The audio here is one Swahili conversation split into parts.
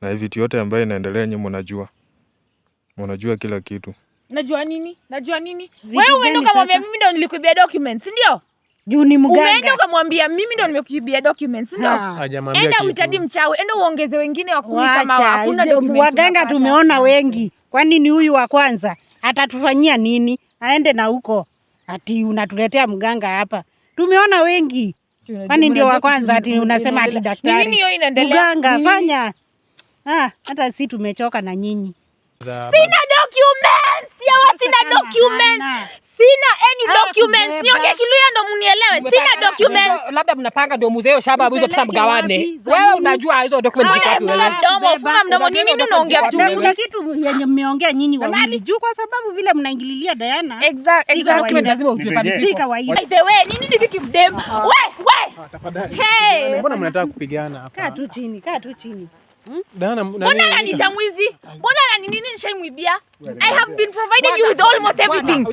na vitu yote ambayo inaendelea nyuma, unajua unajua kila kitu. Najua nini? Najua nini? Wewe umeenda ukamwambia mimi ndo nilikuibia documents, ndio? Juu ni mganga. Umeenda ukamwambia mimi ndo nimekuibia documents, ndio? Hajamwambia kitu. Enda uhitaji mchawi, enda uongeze wengine wa kumi kama hakuna documents. Waganga tumeona wengi. Kwani ni huyu wa kwanza atatufanyia nini? Aende na huko. Ati unatuletea mganga hapa. Tumeona wengi. Kwani ndio wa kwanza ati unasema ati daktari. Nini hiyo inaendelea? Mganga fanya. Ah, hata si tumechoka na nyinyi. Sina documents, yawa sina documents. Sina any documents. Nionge Kiluya ndo munielewe. Sina documents. Labda mnapanga ndo muzeo shaba hizo pesa mgawane. Wewe unajua hizo documents ziko wapi wewe? Domo funga mdomo nini ndio unaongea vitu mingi? Kuna kitu yenye mmeongea nyinyi wawili. Juu kwa sababu vile mnaingililia Diana. Exact. Hizo documents lazima ujue pale ziko. Si kawaida. By the way, nini ndio kidem? We, we. Ah, tafadhali. Mbona mnataka kupigana hapa? Kaa tu chini, kaa tu chini. Mbona ananiita mwizi? Mbona anani nini nishaimwibia? I have been provided you with almost everything.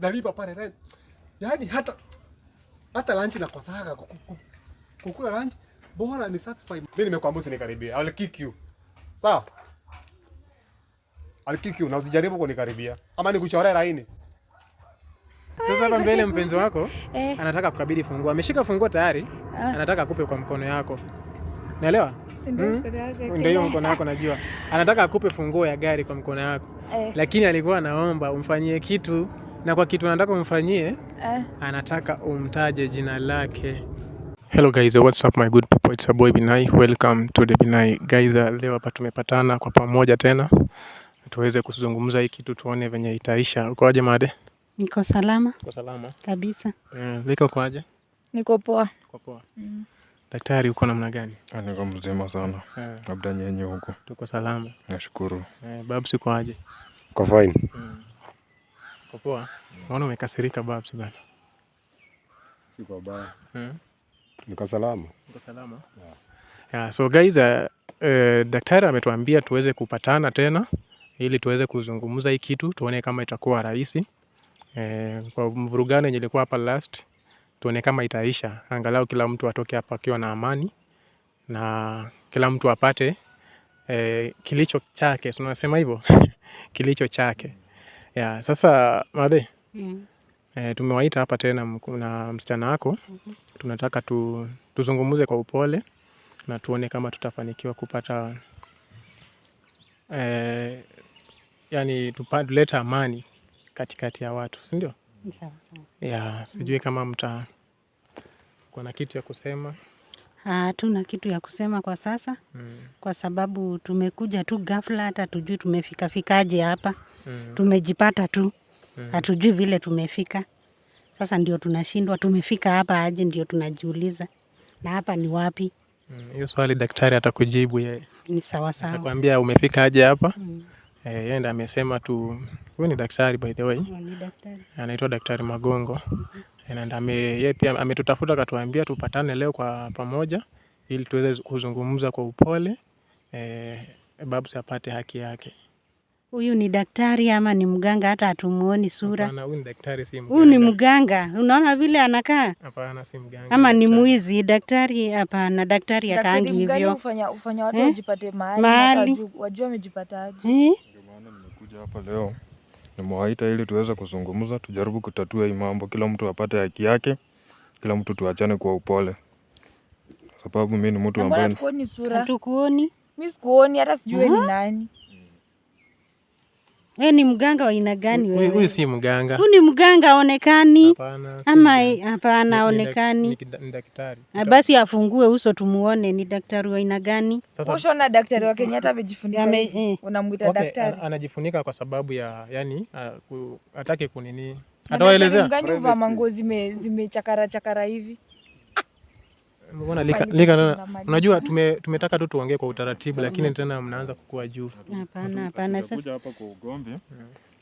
Nalipa pale rent. Yaani hata hata lunch nakosaga kukula lunch. Bora ni satisfy. Mimi nimekuambia usinikaribie. I'll kick you. Sawa? I'll kick you na usijaribu kunikaribia. Ama nikuchoree laini. Sasa hapa mbele mpenzi wako eh. anataka kukabidhi funguo. Ameshika funguo tayari. Ah. anataka akupe kwa mkono yako, naelewa hmm? ndio hiyo mkono yako najua, anataka akupe funguo ya gari kwa mkono yako eh, lakini alikuwa anaomba umfanyie kitu, na kwa kitu anataka umfanyie eh, anataka umtaje jina lake. Hello guys, uh, what's up my good people, it's a boy Binai, welcome to the Binai guys. Uh, leo hapa tumepatana kwa pamoja tena tuweze kuzungumza hii kitu, tuone venye itaisha. Ukoaje Made? Niko salama. Niko salama kabisa. Mm, liko kwaje? Niko poa. Niko poa? Mm. Daktari, uko namna gani? Ah, niko mzima sana, eh. labda nyenye huko. Tuko salama, nashukuru. Eh, Babs uko aje? Uko fine. Mm. Uko poa? Naona umekasirika Babs bana. Siko baya. Mm. Niko salama. Niko salama? Yeah. Yeah, so guys, uh, uh, daktari ametuambia tuweze kupatana tena ili tuweze kuzungumza hii kitu tuone kama itakuwa rahisi. Eh, kwa mvurugano yenye ilikuwa hapa last tuone kama itaisha, angalau kila mtu atoke hapa akiwa na amani na kila mtu apate e, kilicho chake, tunasema hivyo kilicho chake ya. Sasa madhe mm. E, tumewaita hapa tena na msichana wako mm -hmm. Tunataka tu, tuzungumze kwa upole na tuone kama tutafanikiwa kupata e, yani tuleta amani katikati ya watu, si ndio? Yeah, sijui mm. kama mta kuna na kitu ya kusema. Hatuna kitu ya kusema kwa sasa mm. kwa sababu tumekuja tu ghafla, hata tujui fikaje hapa mm. tumejipata tu mm. hatujui vile tumefika. Sasa ndio tunashindwa tumefika hapa aje, ndio tunajiuliza, na hapa ni wapi? Mm, hiyo mm. swali daktari atakujibu yeye, ni sawa sawa, atakwambia umefika aje hapa mm. Eh, yeye ndiye amesema tu. Huyu ni daktari by the way, Ni daktari. anaitwa Daktari Magongo eh, na yeye pia ametutafuta akatuambia tupatane leo kwa pamoja ili tuweze kuzungumza kwa upole eh, Babs apate haki yake. Huyu ni daktari ama ni mganga? Hata hatumuoni sura. Hapana, Huyu ni daktari, si mganga. Huyu ni mganga, unaona vile anakaa. Hapana, si mganga. Ama ni mwizi daktari? Hapana, daktari akaangi hivyo. Daktari mganga ufanya, ufanya watu eh? wajipate mahali, wajua wamejipataje. Eh? hapa leo. Nimewaita ili tuweze kuzungumza, tujaribu kutatua hii mambo, kila mtu apate haki yake, kila mtu tuachane kwa upole, sababu mimi ni mtu ambaye hatukuoni sura, hatukuoni mimi sikuoni, hata sijui ni nani. We ni mganga wa aina gani wewe? Huyu si mganga. Huyu ni mganga aonekani. Hapana. Ama eh, hapana aonekani. Ni daktari. Ah, basi afungue uso tumuone ni daktari wa aina gani? Usho na daktari wa hata amejifunika. Eh. Unamuita daktari. Anajifunika kwa sababu ya yani hataki kunini. Atawaelezea. Mgani wa mangozi zimechakara chakara hivi. Mbona lika, lika unajua tume, tumetaka tu tuongee kwa utaratibu lakini tena mnaanza kukua juu. Hapana, hapana. Sasa hapa kwa ugomvi. Mm.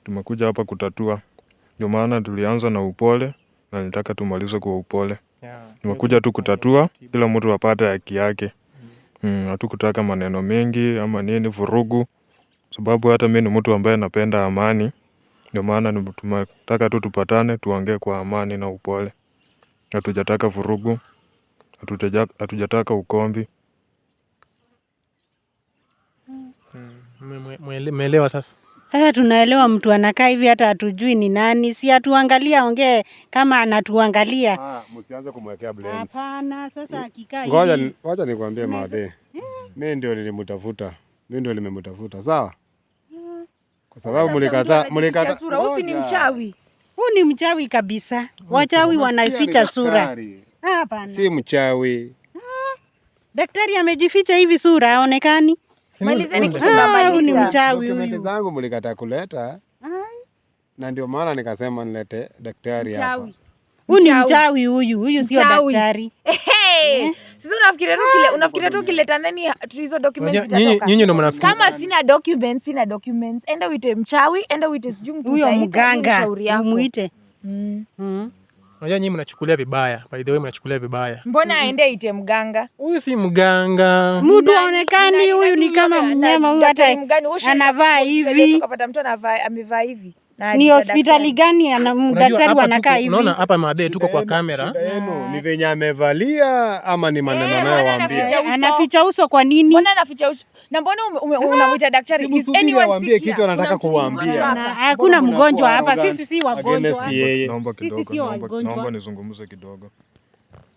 Tumekuja hapa kutatua. Ndio maana tulianza na upole na nitaka tumalize kwa upole. Tumekuja tu kutatua kila mtu apate haki yake. Mm, hatukutaka maneno mengi ama nini vurugu. Sababu hata mimi ni mtu ambaye napenda amani. Ndio maana tumetaka tu tupatane tuongee kwa amani na upole. Hatujataka vurugu hatujataka ukombi. Mmeelewa hmm. sasa? Sasa eh, tunaelewa mtu anakaa hivi, hata hatujui ni nani, si atuangalia, ongee kama anatuangalia. Ah, msianze kumwekea blame. Hapana, sasa akikaa hivi. Ngoja nikwambie madhe, mimi eh. ndio nilimtafuta, mimi ndio nimemtafuta, sawa? Hmm. Kwa sababu mlikataa, mlikataa. Sura, ni mchawi, ni mchawi kabisa. Wachawi wanaificha sura. Hapana. Si mchawi. Ah, Daktari amejificha hivi sura aonekani. Malizeni kitu ah, ni mchawi huyu. Dokumenti zangu mlikataa kuleta. Na ndio maana nikasema nilete daktari hapa. Huyu ni mchawi huyu, huyu sio daktari. Eh? Sasa unafikiria tu kile, ah, unafikiria tu kileta nani hizo documents zitatoka. Nyinyi ndio mnafikiria. Kama sina documents, sina documents. Enda uite mchawi, enda uite sijui mtu huyo mganga. Muite. Mm. Mm. Unajua nyinyi mnachukulia vibaya. By the way mnachukulia vibaya. Mbona aende ite mganga? Huyu si mganga. Mtu haonekani huyu ni kama mnyama huyu hata anavaa hivi. Tukapata mtu amevaa hivi. Ni hospitali gani ana daktari wanakaa hivi? Unaona hapa made tuko kwa kamera. Ah. Ni venye amevalia ama ni maneno eh, anayowaambia? Eh, anaficha uso kwa nini? Mbona anaficha uso? Na mbona ah, unamwita daktari? Is anyone waambie kitu anataka kuwaambia? Hakuna mgonjwa hapa. Sisi si wagonjwa. Naomba kidogo. Naomba nizungumze kidogo.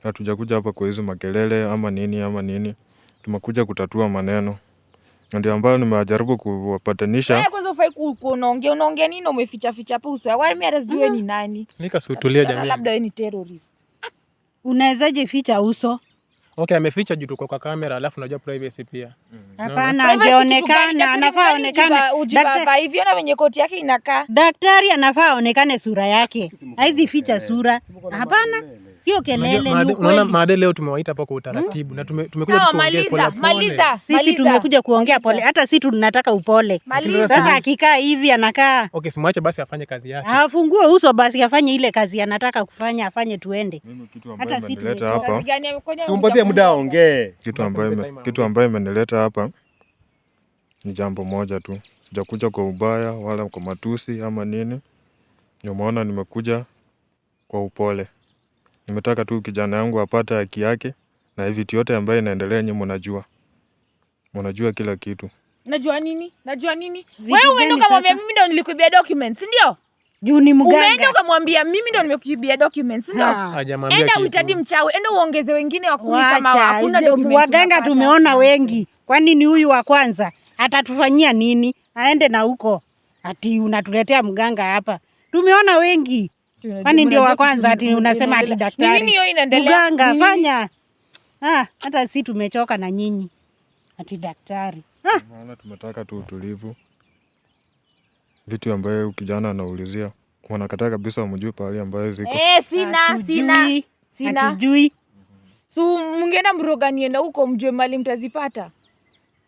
Hatujakuja hapa kwa hizo makelele ama nini ama nini. Tumekuja kutatua maneno. Ndio ambayo nimewajaribu kuwapatanisha kwanza ufai kuonaongea, unaongea nini umeficha ficha hapo uso yako yaani mimi hata sijui wewe ni nani Nika si jamii. labda wewe ni terrorist Unawezaje ficha uso? Okay, ameficha juu kwa kamera alafu unajua privacy pia. Hapana, angeonekana, anafaa aonekane. Daktari- hivyo na venye koti yake inakaa Daktari anafaa aonekane sura yake, haizi ficha sura. Hapana, sio kelele. Unaona mada leo tumewaita hapa kwa utaratibu hmm. na tumekuja tuongee pole pole. Sisi tumekuja kuongea pole, hata sisi tunataka upole. Sasa akikaa hivi anakaa okay, simwache basi afanye kazi yake, afungue uso basi afanye ile kazi anataka kufanya, afanye tuende. Hata sisi hapa simpatie muda aongee. Kitu ambayo kitu ambayo imenileta hapa ni jambo moja tu, sijakuja kwa ubaya wala kwa matusi ama nini. Ndio maana nimekuja kwa upole. Nimetaka tu kijana yangu apate haki yake na hivi vitu yote ambayo inaendelea nyinyi mnajua. Mnajua kila kitu. Najua nini? Najua nini? Wewe umeenda ukamwambia mimi ndio nilikuibia documents, si ndio? Juu ni mganga. Umeenda ukamwambia mimi ndio nimekuibia documents, si ndio? Hajamwambia kitu. Enda uhitaji mchawi, enda uongeze wengine wa kumi kama hakuna documents. Waganga tumeona wengi. Kwani ni huyu wa kwanza atatufanyia nini? Aende na huko. Ati unatuletea mganga hapa. Tumeona wengi. Kwani ndio wa kwanza ati unasema ati daktari mganga fanya? Ah, hata si tumechoka na nyinyi ati daktari. Ah. Naona tumetaka tu utulivu, vitu ambayo kijana anaulizia wanakataa kabisa, wamjui pahali ambayo ziko. Eh, sina sina sina, hatujui So mngeenda mroganie na huko mjue mali mtazipata.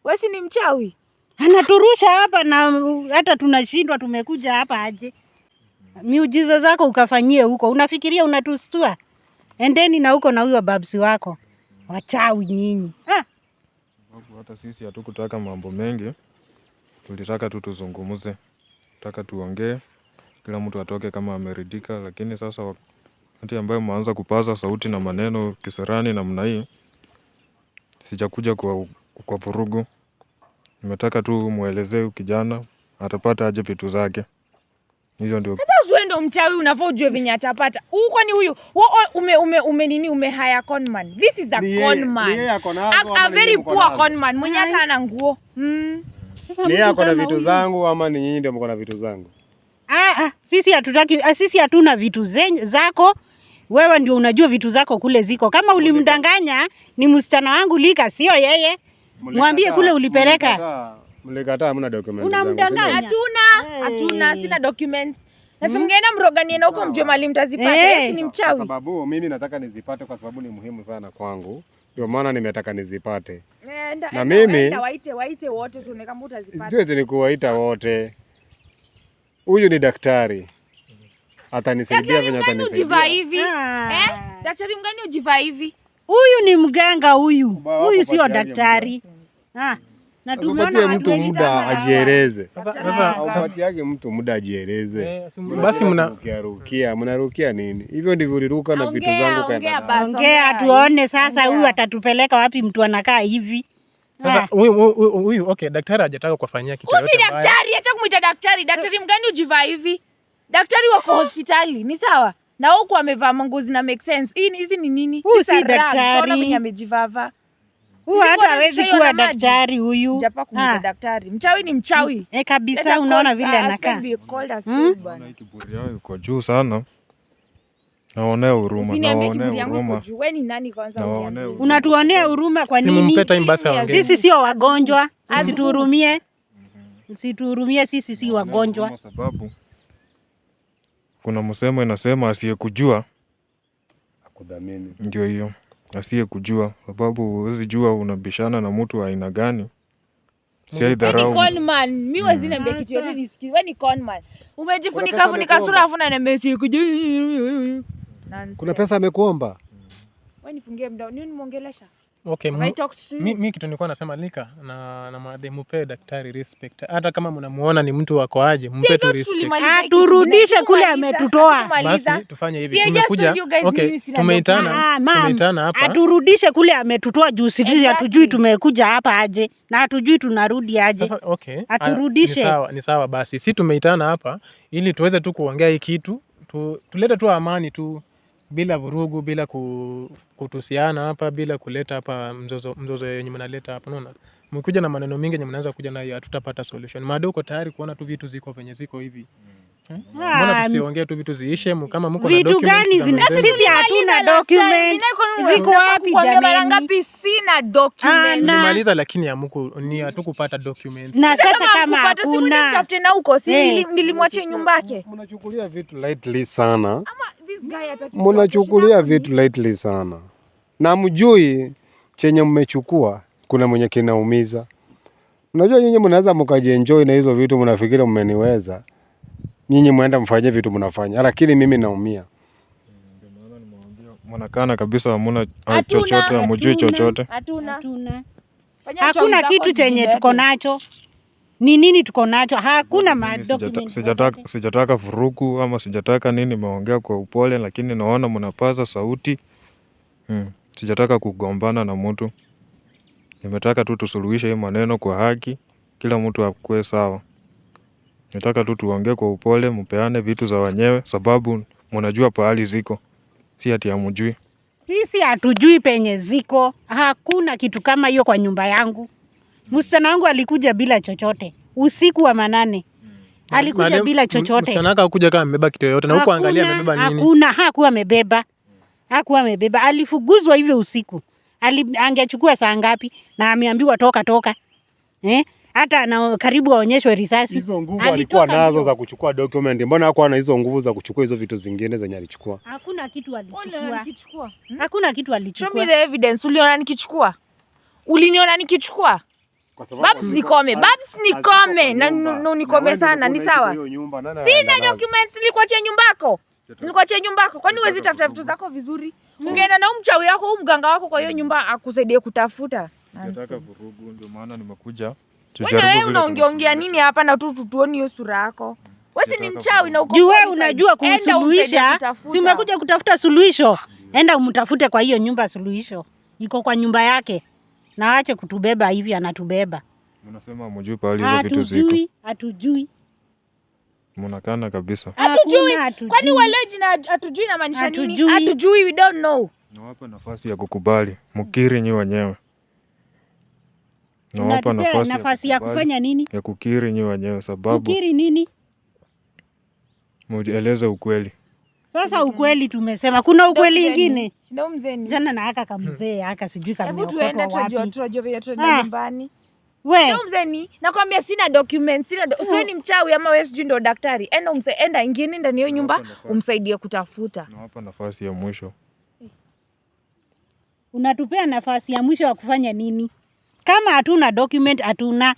Wesi ni mchawi, anaturusha hapa na hata tunashindwa tumekuja hapa aje miujiza zako ukafanyie huko. Unafikiria unatustua? Endeni na huko na huyo babsi wako, wachawi nyinyi. Ah! Hata sisi hatukutaka mambo mengi, tulitaka tu tuzungumze, taka tuongee, kila mtu atoke kama ameridhika. Lakini sasa wakati ambayo mwanza kupaza sauti na maneno kisirani namna hii, sijakuja kwa, kwa vurugu. Nimetaka tu mwelezee kijana atapata aje vitu zake. Hizo ndio. Sasa usiwe ndo mchawi unavyojua venye atapata. Huko ni huyu. Ume ume ume nini ume haya con This is a con man. A very poor conman Mwenye hata ana nguo. Mm. Ni yako na vitu zangu ama ni nyinyi ndio mko na vitu zangu? Ah ah, sisi hatutaki ah, sisi hatuna vitu zenye zako. Wewe ndio unajua vitu zako kule ziko. Kama ulimdanganya ni msichana wangu Lika, sio yeye. Mwambie kule ulipeleka. Mulika. Mlikataa hamna documents. Unamdanganya. Hatuna, hatuna, sina documents. Sasa hmm? mngeenda mroganie na huko mjue mali mtazipata. Yeye ni mchawi. Kwa sababu mimi nataka nizipate kwa sababu ni muhimu sana kwangu. Ndio maana nimetaka nizipate. Enda, na mimi waite waite wote tuone kama utazipata. Siwezi nikuwaita wote. Huyu ni daktari. Atanisaidia venye atanisaidia. Ujivaa hivi. Ah. Eh? Daktari mgani ujivaa hivi? Huyu ni mganga huyu. Huyu sio daktari. Ah na tumeona mtu muda ajieleze. Sasa upatiage mtu muda ajieleze, basi mnarukia mnarukia nini? Hivyo ndivyo uliruka na vitu zangu kaenda. Ongea tuone sasa, huyu atatupeleka wapi? Mtu anakaa hivi sasa huyu okay, daktari hajataka kufanyia kitu yote. Usi daktari, acha kumwita daktari. Daktari mgani ujivaa hivi? Daktari wako hospitali, ni sawa na huku amevaa manguzi na make sense. Hii hizi ni nini? Huyu si daktari. Amejivaa huyu hata hawezi kuwa daktari huyu. Ah. Daktari mchawi ni mchawi Eh, kabisa. Unaona vile ah, anakaa hmm? kiburi yao iko juu sana. Naonea huruma, unatuonea huruma kwa nini? Sisi sio wagonjwa, usituhurumie, usituhurumie, sisi si wagonjwa. Kwa sababu kuna msemo inasema asiyekujua akudhamini, ndio hiyo asiye kujua sababu huwezi jua unabishana na mtu wa aina gani. Mm. Umejifunika funika sura afu kuna pesa amekuomba. Wewe nifungie mdomo, nini Okay, mi, kitu nilikuwa nasema lika na, na made mupee daktari respect. Hata kama mnamuona ni mtu wako aje, mpe tu respect. Ah, turudishe kule ametutoa. Basi tufanye hivi. Tumekuja. Okay, tumeitana. Ah, tumeitana hapa. Aturudishe kule ametutoa juu sisi hatujui tumekuja hapa aje na hatujui tunarudi aje. Sasa, okay. Ah, Aturudishe. Ni sawa, ni sawa basi. Si tumeitana hapa ili tuweze tu kuongea hii kitu. Tu, tulete tu amani tu bila vurugu, bila kutusiana hapa, bila kuleta hapa mzozo, mzozo yenye mnaleta hapa. Unaona, mkuja na maneno mingi yenye mnaanza kuja nayo hatutapata solution. Mada uko tayari kuona tu vitu ziko venye ziko hivi Hmm? Ah, tusiongee tu vitu ziishe? Kama mko na vitu gani zina sisi, hatuna document ziko wapi jamani? Sina document ah, nimaliza, lakini amku ni hatukupata documents. Na sasa kama hakuna tafute na huko, si eh. nilimwache nyumbake. Mnachukulia vitu lightly sana. Ama munachukulia vitu lightly sana, na mjui chenye mmechukua kuna mwenye kinaumiza. Unajua nyinyi mnaweza mkajienjoy na hizo vitu, mnafikiri mmeniweza nyinyi, mwenda mfanye vitu mnafanya, lakini mimi naumia mwanakana kabisa, hamuna ah, chochote, hamujui chochote, hakuna kitu chenye tuko nacho ni nini tuko nacho, hakuna masijataka Sijataka sijataka furuku ama sijataka nini, nimeongea kwa upole, lakini naona mnapaza sauti hmm. Sijataka kugombana na mtu, nimetaka tu tusuluhishe hii maneno kwa haki, kila mtu akuwe sawa. Nataka tu tuongee kwa upole, mpeane vitu za wenyewe, sababu mnajua pahali ziko, si ati hamjui. Sisi hatujui penye ziko, hakuna kitu kama hiyo kwa nyumba yangu. Msichana wangu alikuja bila chochote usiku wa manane alikuja Mali, bila chochote. Msichana wangu hakuja kama amebeba kitu yoyote na huko angalia amebeba nini? Hakuna, hakuwa amebeba. Hakuwa amebeba. Alifuguzwa hivyo usiku. Ali, angechukua saa ngapi na ameambiwa toka toka. Eh? Hata na karibu aonyeshwe risasi. Hizo nguvu alikuwa nazo za kuchukua document. Mbona hakuwa na hizo nguvu za kuchukua hizo vitu zingine zenye alichukua? Hakuna kitu alichukua. Hakuna kitu alichukua. Show me the evidence. Uliona nikichukua? Uliniona nikichukua? Babs nikome, Babs nikome na nikome sana, ni sawa. Sina documents, nilikuachia nyumbako, nilikuachia nyumbako. Kwani huwezi tafuta vitu zako vizuri? Hmm. Ungeenda na umchawi wako au mganga wako kwa hiyo nyumba akusaidie kutafuta. Nataka vurugu, ndio maana nimekuja. Wewe unaongeongea nini hapa na tu tutuoni hiyo sura yako? Hmm. Wewe ni mchawi na uko juu, wewe unajua kumsuluhisha. Si umekuja kutafuta suluhisho? Enda umtafute kwa hiyo nyumba suluhisho. Iko kwa nyumba yake na aache kutubeba hivi, anatubeba. Mnasema mjui pahali hizo vitu ziko. Hatujui, hatujui. Mnakana kabisa. Hatujui. Kwani waleji na hatujui na maanisha nini? Hatujui, we don't know. Nawapa nafasi ya kukubali, mkiri nyi wenyewe. Nawapa nafasi, nafasi ya kufanya nini? Ya kukiri nyi wenyewe sababu. Kukiri nini? Mujieleze ukweli. Sasa mm-hmm. ukweli tumesema, kuna ukweli ingine jana na aka kamzee hmm. aka sijui kamnyumbani ah. we mzeni, nakwambia sina document, sina do... Hmm. Sio ni mchawi ama wewe sijui ndo daktari. Enda umse, enda ingieni ndani ya nyumba umsaidie kutafuta. Na Nawapa nafasi ya mwisho. Eh. Unatupea nafasi ya mwisho ya kufanya nini? Kama hatuna document, hatuna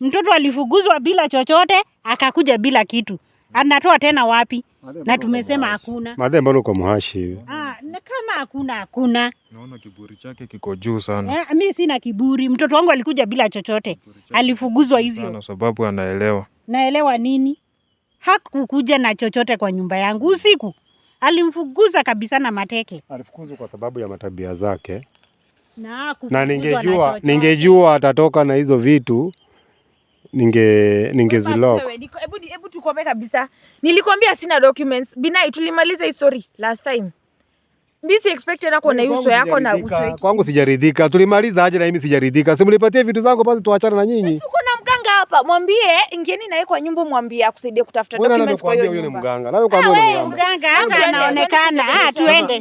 mtoto alifukuzwa bila chochote, akakuja bila kitu anatoa ah, tena wapi? Na tumesema hakuna madhe. Mbona uko mhashi ah, Na Kama hakuna hakuna. Naona kiburi chake kiko juu sana. Eh, mimi sina kiburi, mtoto wangu alikuja bila chochote, alifuguzwa hivyo sana, sababu anaelewa. Naelewa nini? Hakukuja na chochote kwa nyumba yangu usiku, alimfuguza kabisa na mateke. Alifukuzwa kwa sababu ya matabia zake na, na ningejua ningejua atatoka na hizo vitu ninge ningezilock. Hebu hebu tukombe kabisa. Nilikwambia sina documents. Binai tulimaliza hii story last time. Mimi expected na kuona yaani uso yako na uso. Kwangu sijaridhika. Tulimaliza aje na mimi sijaridhika. Si mlipatie vitu zangu basi tuachane na nyinyi mganga hapa, mwambie ingieni naye kwa nyumba, mwambie akusaidie kutafuta documents kwa hiyo nyumba. Yule mganga nawe kwa yule ah, mganga hata anaonekana. Ah, tuende.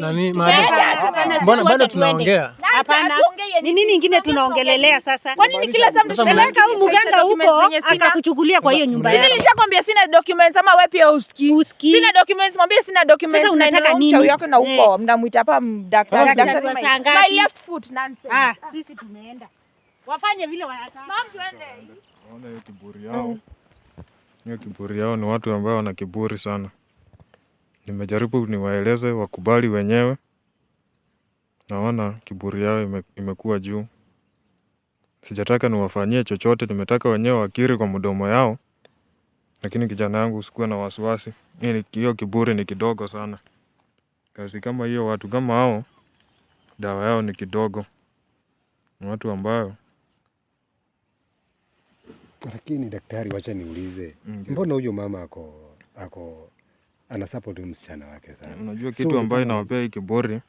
Mbona bado tunaongea? Hapana, ni nini ingine tunaongelelea sasa? Kwa nini kila saa mtupeleka huyu mganga huko akakuchukulia kwa hiyo nyumba yako? Sisi nilishakwambia sina documents, ama wewe pia usikii. Sina documents, mwambie sina documents. Sasa unataka nini? Chao yako na huko eh. mnamuita hapa daktari, daktari. My left foot nonsense. Ah, sisi tumeenda. Wafanye vile wanataka. Mom, tuende. Naona hiyo kiburi yao, eh. hiyo kiburi yao ni watu ambao wana kiburi sana. Nimejaribu niwaeleze wakubali wenyewe, naona kiburi yao imekuwa juu. Sijataka niwafanyie chochote, nimetaka wenyewe wakiri kwa mdomo yao. Lakini kijana yangu, usikuwe na wasiwasi, hiyo kiburi ni kidogo sana. Kazi kama hiyo, watu kama hao, dawa yao ni kidogo, ni watu ambayo lakini daktari, wacha niulize, mbona huyo mama ako ako ana support msichana wake sana? Unajua kitu so, ambayo inawapea hii kiburi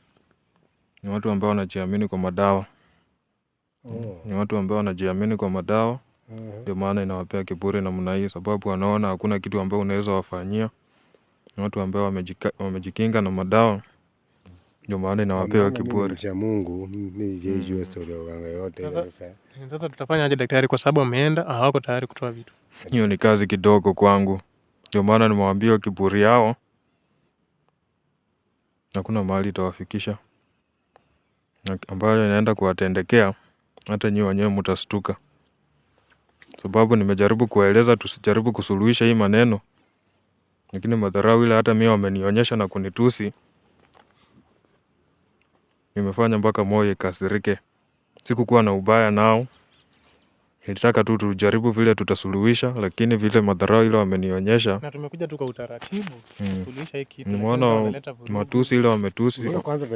ni watu ambao wanajiamini kwa madawa oh. Ni watu ambao wanajiamini kwa madawa uh-huh. ndio uh -huh. Maana inawapea kiburi namna hii, sababu wanaona hakuna kitu ambayo unaweza wafanyia. Ni watu ambao wamejikinga na madawa. Ndio maana inawapewa kiburi cha Mungu. Mimi sijui mm. ya uganga yote. Sasa sasa tutafanya aje daktari, kwa sababu ameenda ah, hawako tayari kutoa vitu. Hiyo ni kazi kidogo kwangu, ndio maana nimewaambia kiburi yao hakuna mahali itawafikisha, ambayo inaenda kuwatendekea hata nyiwe wenyewe mtastuka, sababu nimejaribu kuwaeleza tusijaribu kusuluhisha hii maneno, lakini madharau ile hata mimi wamenionyesha na kunitusi imefanya mpaka moyo ikasirike. Sikukuwa na ubaya nao. Nilitaka tu tujaribu vile tutasuluhisha, lakini vile madharau ile wamenionyesha. Na tumekuja tu kwa utaratibu kusuluhisha mm. hii kitu. Nimeona matusi ile wametusi. Kwanza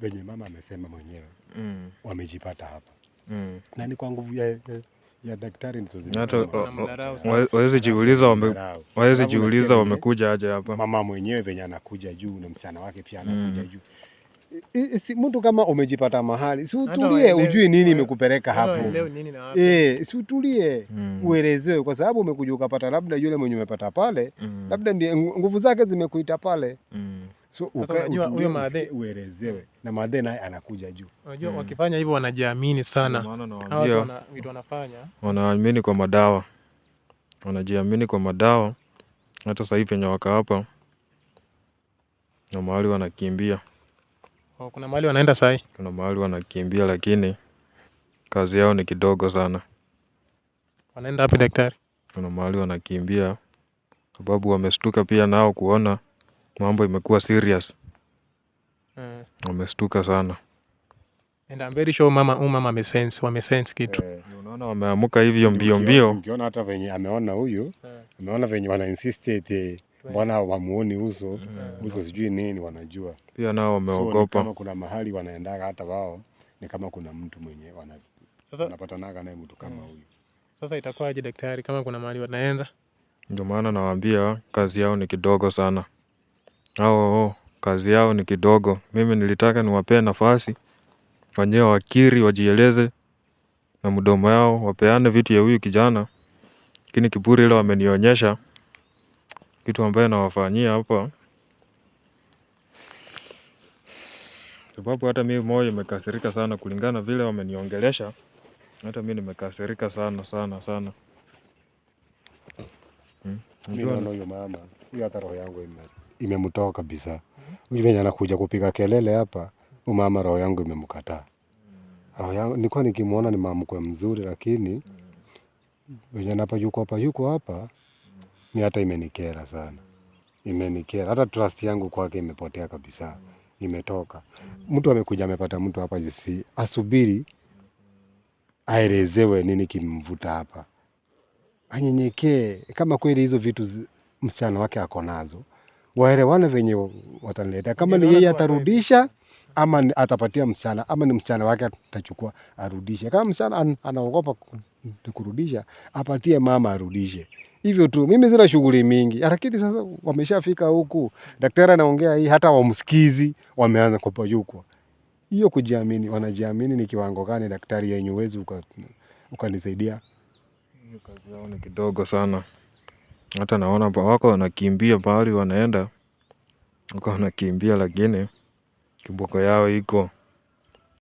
venye mama amesema mwenyewe mm. Wamejipata hapa mm. Na ni kwa nguvu ya, ya daktari wawezi jiuliza wamekuja aje hapa. Mama mwenyewe venye anakuja juu na msichana wake pia anakuja mm. juu si mtu kama umejipata mahali, si utulie, ujui nini imekupeleka hapo eh, si utulie mm. uelezewe, kwa sababu umekuja ukapata, labda yule mwenye umepata pale mm. labda ndiye nguvu zake zimekuita pale mm. so uelezewe na madhe naye anakuja juu. Unajua mm. wakifanya hivyo wanajiamini sana, wanafanya wanaamini kwa madawa, wanajiamini kwa madawa. Hata sasa hivi wenye waka hapa na mahali wanakimbia Oh, kuna mahali wanaenda sahi? Kuna mahali wanakimbia lakini kazi yao ni kidogo sana. Wanaenda wapi daktari? Kuna mahali wanakimbia sababu wamestuka pia nao kuona mambo imekuwa serious. Mm. Wamestuka sana. And I'm very sure mama umama amesense, wamesense kitu. Eh, unaona wameamuka hivyo mbio mbio. Ukiona hata venye ameona huyu, hmm. ameona venye wana insist mbona wamuoni uso yeah. Mm. uso sijui nini, wanajua pia nao wameogopa. So, kama kuna mahali wanaendaga hata wao ni kama kuna mtu mwenye wanapatanaga naye mtu kama mm. huyu. Sasa itakuwaje daktari, kama kuna mahali wanaenda? Ndio maana nawaambia kazi yao ni kidogo sana. Hao oh, kazi yao ni kidogo. Mimi nilitaka niwapee nafasi wenyewe, wakiri, wajieleze na mdomo yao, wapeane vitu ya huyu kijana, lakini kiburi ile wamenionyesha kitu ambayo nawafanyia hapa, sababu hata mimi moyo imekasirika sana kulingana vile wameniongelesha. Hata mimi nimekasirika sana sana sana. Hmm? Huyo mama huyo, hata roho yangu imemtoa kabisa. venye nakuja kupiga kelele hapa, umama roho yangu imemkataa. Roho yangu nilikuwa nikimwona ni mama mkwe mzuri, lakini hmm. mwenye anapa yuko hapa yuko hapa mi hata imenikera sana, imenikera hata trust yangu kwake imepotea kabisa, imetoka. Mtu amekuja amepata mtu hapa, jisi asubiri aelezewe nini kimvuta hapa, anyenyekee. Kama kweli hizo vitu msichana wake ako nazo, waelewane venye watanileta, kama ni yeye atarudisha ama atapatia msichana ama ni msichana wake atachukua arudishe. Kama msichana anaogopa kurudisha, apatie mama arudishe. Hivyo tu mimi zina shughuli mingi, lakini sasa wameshafika huku, daktari anaongea hii, hata wamsikizi, wameanza kupayukwa. Hiyo kujiamini, wanajiamini ni kiwango gani? Daktari yenye uwezi ukanisaidia uka kazi yao ni kidogo sana. Hata naona wako wanakimbia pahali wanaenda, wako wanakimbia, lakini kiboko yao iko